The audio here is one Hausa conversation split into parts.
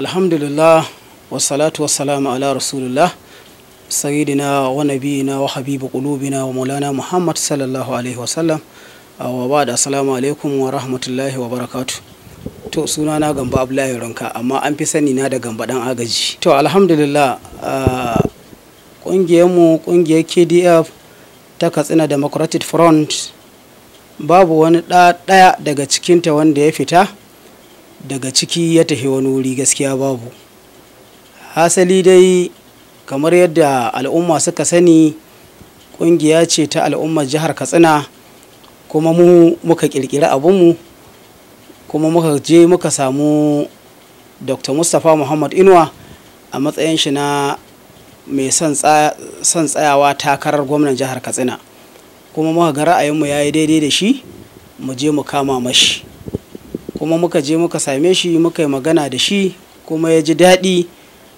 alhamdulillah wasalatu wasalamu ala rasulullah sayidina wa nabiyina wa habibu qulubina wa maulana muhammad sallallahu alaihi wa sallam. wa ba da assalamu alaikum wa rahmatullahi wa barakatu to suna na gamba abdullahi ranka amma an fi sani na da gamba dan agaji to alhamdulillah kungiyar ah, mu kungiyar KDF ta Katsina Democratic Front babu wani ɗaya daga cikinta wanda ya fita daga ciki ya tafi wani wuri gaskiya babu hasali dai kamar yadda al'umma suka sani ƙungiya ce ta al'ummar jihar katsina kuma mu muka ƙirƙiri abinmu kuma muka je muka samu dr mustapha muhammad inuwa a matsayin shi na mai son tsayawa takarar gwamnan jihar katsina kuma muka ga ra'ayinmu ya yi daidai da shi mu je mu kama mashi kuma muka je muka same shi muka yi magana da shi kuma ya ji daɗi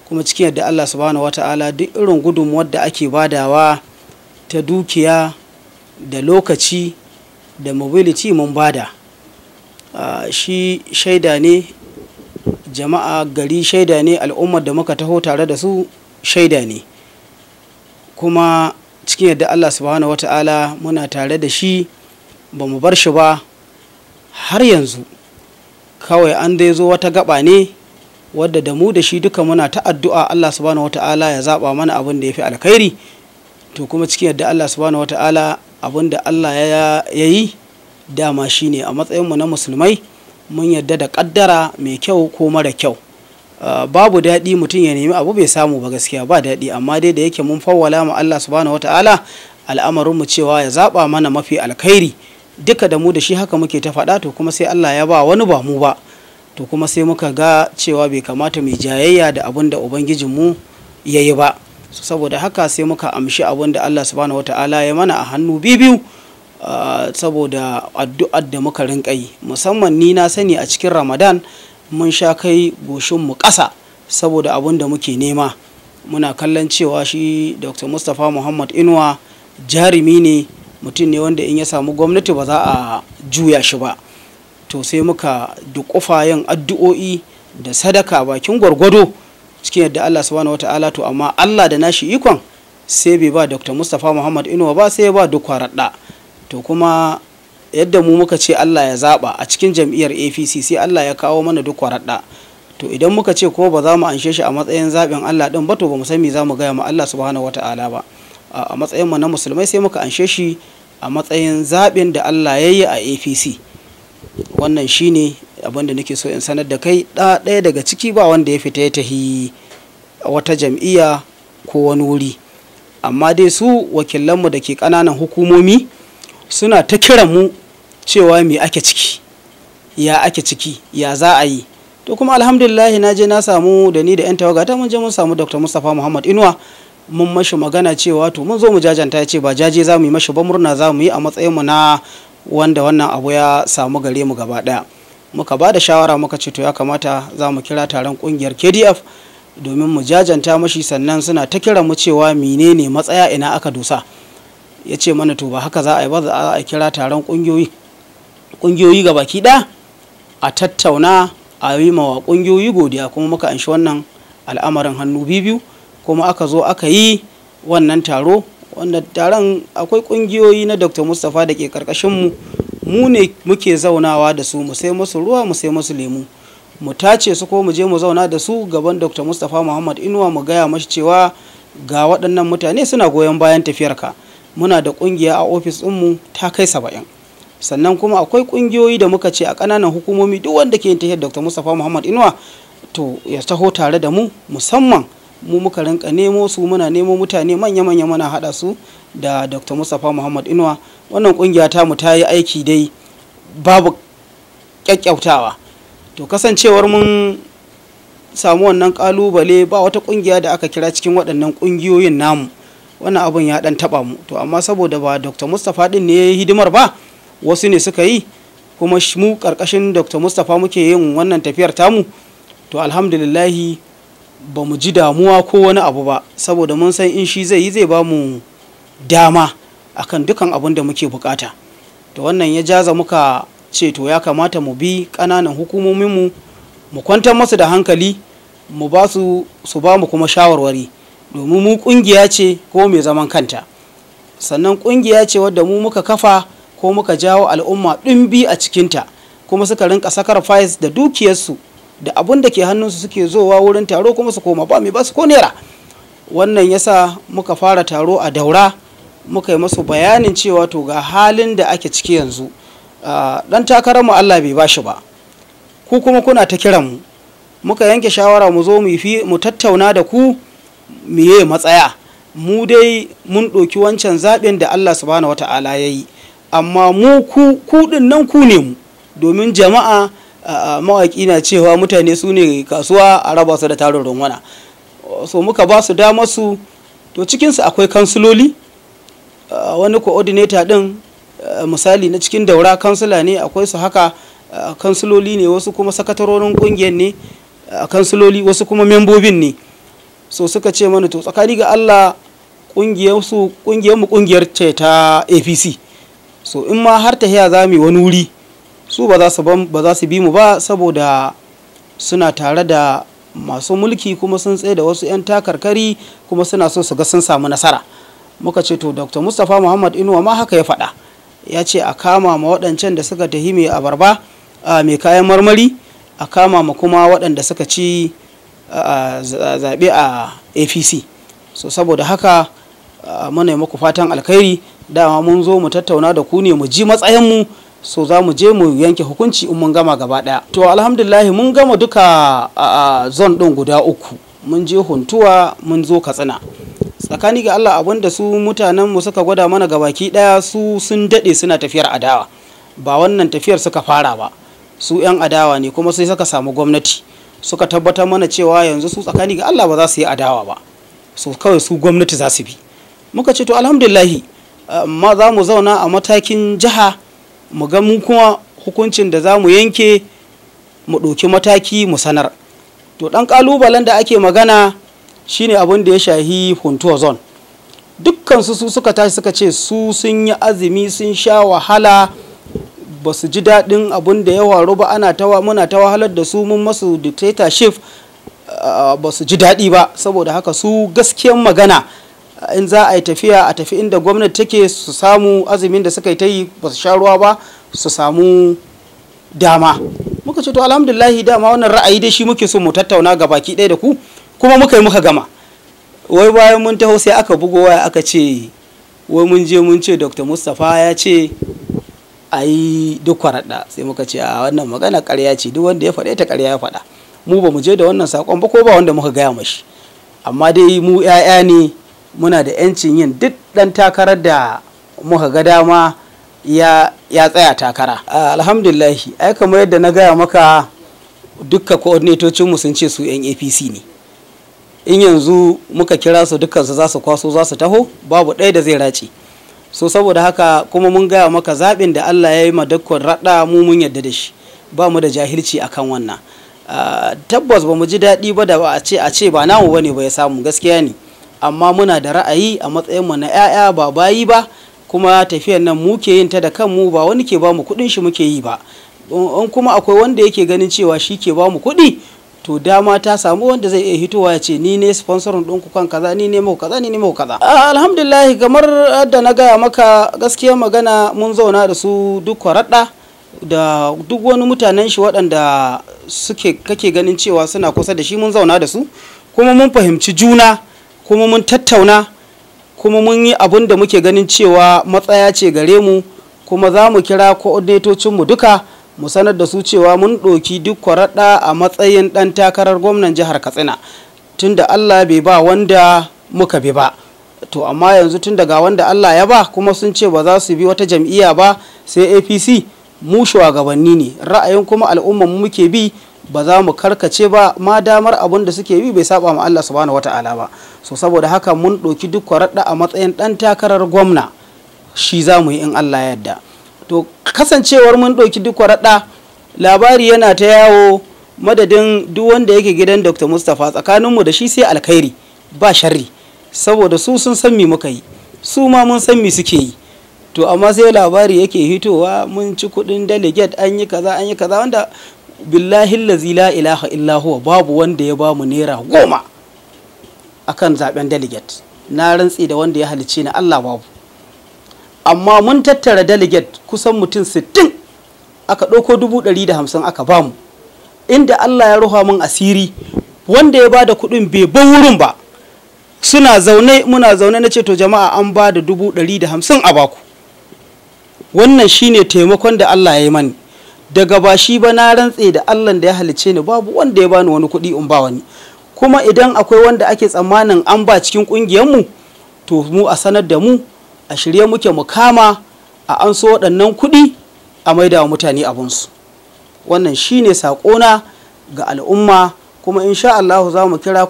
kuma cikin yadda Allah subhanahu wata'ala duk irin gudunmuwar da ake badawa ta dukiya da lokaci da mobility mun bada shi shaida ne jama'a gari shaida ne al'ummar da muka taho tare da su shaida ne kuma cikin yadda Allah subhanahu wata'ala muna tare da shi ba mu bar shi ba har yanzu kawai an dai zo wata gaba ne wadda da mu da shi duka muna ta addu'a Allah subhanahu wata'ala ya zaɓa mana abin da ya fi alkhairi to kuma cikin yadda Allah subhanahu wata'ala abin da Allah ya yi dama shi ne a matsayin mu na musulmai mun yadda da kaddara mai kyau ko mara kyau ah, babu daɗi mutum ya nemi abu bai samu ba gaskiya ba daɗi amma dai da yake mun fawwala ma Allah subhanahu wataala al'amarin mu cewa ya zaɓa mana mafi alkhairi duka da mu da shi haka muke ta faɗa to kuma sai Allah ya ba wani ba mu ba to kuma sai muka ga cewa bai kamata mai jayayya da abin da ubangijin ya yi ba saboda haka sai muka amshi abin da Allah subhanahu wata'ala ya mana a hannu biyu ah, saboda addu'ar da muka rinka yi musamman ni na sani a cikin ramadan mun sha kai goshin mu ƙasa saboda abin da muke nema muna kallon cewa shi dr mustapha muhammad inuwa jarumi ne mutum ne wanda in ya samu gwamnati ba za a juya shi ba to sai muka duƙufa yin addu'o'i da sadaka bakin gwargwado cikin yadda Allah subhanahu wata'ala to amma Allah da nashi ikon sai bai ba Dr. Mustapha Muhammad Inuwa ba sai ba duk kwaraɗa to kuma yadda mu muka ce Allah ya zaɓa a cikin jam'iyyar APC sai Allah ya kawo mana duk kwaraɗa to idan muka ce ko ba za mu anshe shi a matsayin zaɓin Allah ɗin ba to ba mu san me za mu gaya ma Allah subhanahu ala ba a matsayin mu na musulmai sai muka anshe shi a matsayin zaɓin da Allah ya yi a APC wannan shine abin da nake so in sanar da kai ɗaya daga ciki ba wanda ya fita ya tahi wata jam'iyya ko wani wuri amma dai su wakilanmu da ke ƙananan hukumomi suna ta kiran mu cewa me ake ciki ya ake ciki ya za a yi to kuma alhamdulillahi na je na samu da ni da 'yan tawaga ta mun je mun samu dr mustapha muhammad inuwa mun mashi magana cewa to mun zo mu jajanta ya ce ba jaje za mu yi mashi ba murna za mu yi a matsayinmu na wanda wannan abu ya samu gare mu gaba daya muka ba da shawara muka ce to ya kamata za mu kira taron kungiyar kdf domin mu jajanta mashi sannan suna ta kira mu cewa menene matsaya ina aka dosa ya ce mana to ba haka za a yi ba za a kira taron kungiyoyi kungiyoyi ga baki ɗaya a tattauna a yi mawa kungiyoyi godiya kuma muka anshi wannan al'amarin hannu biyu kuma aka zo aka yi wannan taro wanda taron akwai kungiyoyi na dr mustapha da ke karkashinmu mu ne muke zaunawa da su mu sai musu ruwa mu sai musu lemu mu tace su ko mu je mu zauna da su gaban dr mustapha muhammad inuwa mu gaya mashi cewa ga waɗannan mutane suna goyon bayan tafiyarka muna da ƙungiya a ofis ɗinmu ta kai saba'in sannan kuma akwai ƙungiyoyi da muka ce a ƙananan hukumomi duk wanda ke yin tafiyar dr mustapha muhammad inuwa to ya taho tare da mu musamman mu muka rinka nemo su muna nemo mutane manya-manya muna haɗa su da dr mustapha muhammad inuwa wannan ƙungiya ta mu ta yi aiki dai babu kyakkyautawa to kasancewar mun samu wannan kalubale ba wata ƙungiya da aka kira cikin waɗannan ƙungiyoyin namu wannan abin ya ɗan taɓa mu to amma saboda ba dr mustapha ɗin ne ya yi hidimar ba wasu ne suka yi kuma mu karkashin dr mustapha muke yin wannan tafiyar tamu to alhamdulillahi ba mu ji damuwa ko wani abu ba saboda mun san in shi zai yi zai ba mu dama akan dukan abin da muke bukata to wannan ya jaza muka ce to ya kamata mu bi ƙananan hukumominmu mu kwantar masu da hankali mu ba su su ba mu kuma shawarwari domin mu kungiya ce ko mai zaman kanta sannan kungiya ce wadda mu muka kafa ko muka jawo al'umma ɗin bi a cikinta kuma suka rinka sakar da dukiyarsu da abun da ke hannunsu suke zowa wurin taro kuma su koma ba mai ba su ko naira wannan yasa muka fara taro a daura muka yi masu bayanin cewa to ga halin da ake ciki yanzu dan takararmu Allah bai ba shi ba ku kuma kuna ta kiran mu muka yanke shawara mu zo mu tattauna da ku miye matsaya mu dai mun ɗoki wancan zaɓin da Allah subhanahu wata'ala ya yi amma mu ku kuɗin nan ku ne mu domin jama'a mawaƙi na cewa mutane su ne kasuwa a raba su da tarin rungwana so muka ba su dama su to cikinsu akwai kansuloli wani coordinator din misali na cikin daura kansula ne akwai su haka kansuloli ne wasu kuma sakatarorin kungiyar ne kansuloli wasu kuma membobin ne so suka ce mana to tsakani ga allah kungiyarmu kungiyar ce ta apc so in ma har ta za mu yi wani wuri su ba za su bi mu ba saboda suna tare da masu mulki kuma sun tsaye da wasu 'yan takarkari kuma suna so su ga sun samu nasara muka ce to dr mustapha muhammad inuwa ma haka ya faɗa ya ce a kama ma waɗancan da suka tafi mai abarba mai kayan marmari a kama ma kuma waɗanda suka ci zaɓe a apc so saboda haka muna muku fatan alkhairi dama mun zo mu tattauna da ku ne mu ji matsayin mu so za mu je mu yanke hukunci in mun gama gaba daya to alhamdulillah mun gama duka a zon din guda uku mun je huntuwa mun zo katsina tsakani ga allah abinda da su mutanen mu suka gwada mana ga baki daya su sun dade suna tafiyar adawa ba wannan tafiyar suka fara ba su 'yan adawa ne kuma sai suka samu gwamnati suka tabbatar mana cewa yanzu su tsakani ga allah ba za su yi adawa ba su kawai su gwamnati za su bi muka ce to alhamdulahi ma za mu zauna a matakin jiha mu ga mu kuma hukuncin da za mu yanke mu ɗauki mataki mu sanar to ɗan ƙalubalen da ake magana shine abin da ya shahi huntuwa zone dukkan su su suka tashi suka ce su sun yi azumi sun sha wahala ba su ji daɗin abin da ya waru ba ana tawa muna ta wahalar da su mun masu dictatorship ba su ji daɗi ba saboda haka su gaskiyan magana in za a yi tafiya a tafi inda gwamnati take su samu azumin da suka yi ta yi ba su sha ruwa ba su samu dama muka ce to alhamdulillahi dama wannan ra'ayi da shi muke so mu tattauna ga baki ɗaya da ku kuma muka yi muka gama wai bayan mun taho sai aka bugo waya aka ce wai mun je mun ce dr mustapha ya ce a yi duk kwaraɗa sai muka ce a wannan magana ƙarya ce duk wanda ya faɗa ta ƙarya ya faɗa mu ba mu je da wannan saƙon ba ko ba wanda muka gaya mashi amma dai mu 'ya'ya ne muna da 'yancin yin duk ɗan takarar da muka ga dama ya tsaya takara alhamdulillahi ai kamar yadda na gaya maka dukka coordinatocinmu sun ce su 'yan apc ne in yanzu muka kira su dukkansu za su kwaso za su taho babu ɗaya da zai race so saboda haka kuma mun gaya maka zaɓin da allah ya yi ma dukkan raɗa mu mun yadda da shi ba mu da jahilci akan wannan tabbas ba mu ji daɗi ba da ba a ce a ce ba namu bane ba ya samu gaskiya ne amma muna da ra'ayi a matsayin mu na 'ya'ya ba bayi ba kuma tafiyar nan muke yin ta da kanmu ba wani ke ba mu kuɗin shi muke yi ba in kuma akwai wanda yake ganin cewa shi ke bamu kuɗi to dama ta samu wanda zai iya hitowa ya ce ni ne sponsorin ku kan kaza ni ne mu kaza ni ne mu kaza ah, alhamdulillah kamar da na gaya maka gaskiyar magana mun zauna da su duk kwaraɗa da duk wani mutanen shi waɗanda suke kake ganin cewa suna kusa da shi mun zauna da su kuma mun fahimci juna kuma mun tattauna kuma mun yi abin da muke ganin cewa matsaya ce gare mu kuma za mu kira mu duka mu sanar da su cewa mun ɗoki duk kwaraɗa a matsayin ɗan takarar gwamnan jihar katsina tunda allah bai ba wanda muka bi ba to amma yanzu tun daga wanda allah ya ba kuma sun ce ba za su bi wata jam'iyya ba sai apc mu shugabanni ne ra'ayin kuma al'umman muke bi ba za mu karkace ba ma damar abin da suke yi bai saba ma Allah subhanahu wata'ala ba so saboda haka mun ɗauki duk kwaraɗa a matsayin ɗan takarar gwamna shi za mu yi in Allah ya yarda to kasancewar mun ɗauki duk kwaraɗa labari yana ta yawo madadin duk wanda yake gidan Dr. Mustapha tsakaninmu da shi sai alkhairi ba sharri saboda su sun san me muka yi su ma mun san me suke yi to amma sai labari yake hitowa mun ci kuɗin delegate an yi kaza an yi kaza wanda billahi lazi la ilaha illa babu wanda ya bamu naira goma akan zaben delegate na rantsi da wanda ya halice ni Allah babu amma mun tattara delegate kusan mutum 60 aka ɗauko 150 aka bamu inda Allah ya ruha mun asiri wanda ya bada kuɗin bai ba wurin ba suna zaune muna zaune na ce to jama'a an ba da 150 a baku wannan shine taimakon da Allah ya yi mani daga ba shi ba na rantse da Allah da ya halice ni babu wanda ya bani wani kuɗi in ba wani kuma idan akwai wanda ake tsammanin an ba cikin mu to mu a sanar da mu a shirye muke mu kama a an so waɗannan kuɗi a maida wa mutane abinsu wannan shine saƙona ga al'umma kuma insha Allah za mu kira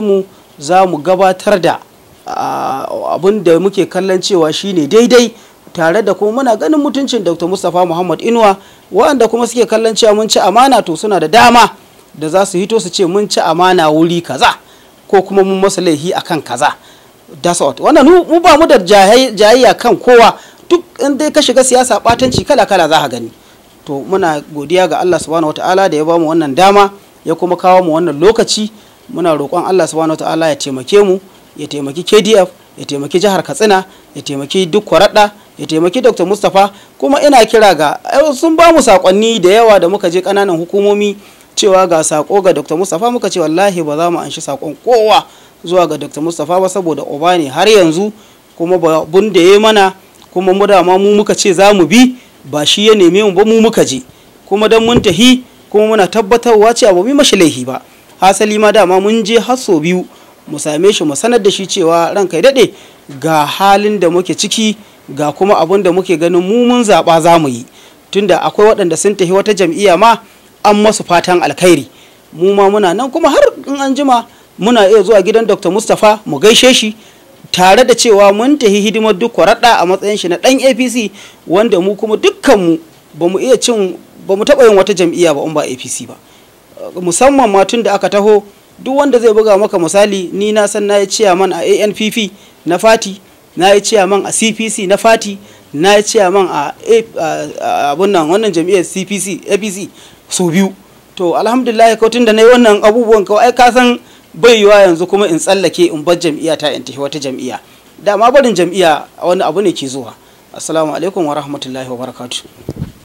mu za mu gabatar da abin da muke kallon cewa shine daidai tare da kuma muna ganin mutuncin dr mustapha muhammad inuwa waɗanda kuma suke kallon cewa mun ci amana to suna da dama da za su hito su ce mun ci amana wuri kaza ko kuma mun masa laifi akan kaza that's what wannan mu ba mu da jayayya kan kowa duk in dai ka shiga siyasa batanci kala kala za ka gani to muna godiya ga Allah subhanahu wataala da ya ba mu wannan dama ya kuma kawo mu wannan lokaci muna roƙon Allah subhanahu wataala ya taimake mu ya taimaki KDF ya taimaki jihar katsina ya taimaki duk kwaraɗa ya taimaki dr mustapha kuma ina kira ga eh, sun ba mu sakonni da yawa da muka je kananan hukumomi cewa ga sako ga dr mustapha muka ce wallahi ba za mu anshi sakon kowa zuwa ga dr mustapha ba saboda oba ne har yanzu kuma bun da ya mana kuma mu dama mu muka ce za mu bi ba shi ya neme mu ba mu muka je kuma dan mun tahi kuma muna tabbatarwa cewa ba mu mashi laihi ba hasali ma dama mun je har biyu mu same shi mu sanar da shi cewa ran kai daɗe ga halin da muke ciki ga kuma abun da muke ganin mu mun zaɓa za mu yi tunda akwai waɗanda sun tafi wata jam'iyya ma an masu fatan alkhairi mu ma muna nan kuma har in an jima muna iya zuwa gidan dr mustapha mu gaishe shi tare da cewa mun tafi hidimar duk kwaraɗa a matsayin shi na ɗan apc wanda mu kuma dukkanmu ba mu iya cin ba mu taɓa yin wata jam'iyya ba in ba apc ba musamman ma tun da aka taho duk wanda zai buga maka misali ni na san na yi ciyaman a anpp na fati na yi ciyaman a cpc na fati na yi ciyaman a abun nan wannan jam'iyyar cpc apc su biyu to alhamdulillah kautun da na yi wannan abubuwan kawai ai ka san bai yiwa yanzu kuma in tsallake in bar jam'iyya ta in tafi wata jam'iyya dama barin jam'iyya wani abu ne ke zuwa assalamu alaikum wa rahmatullahi wa barakatuh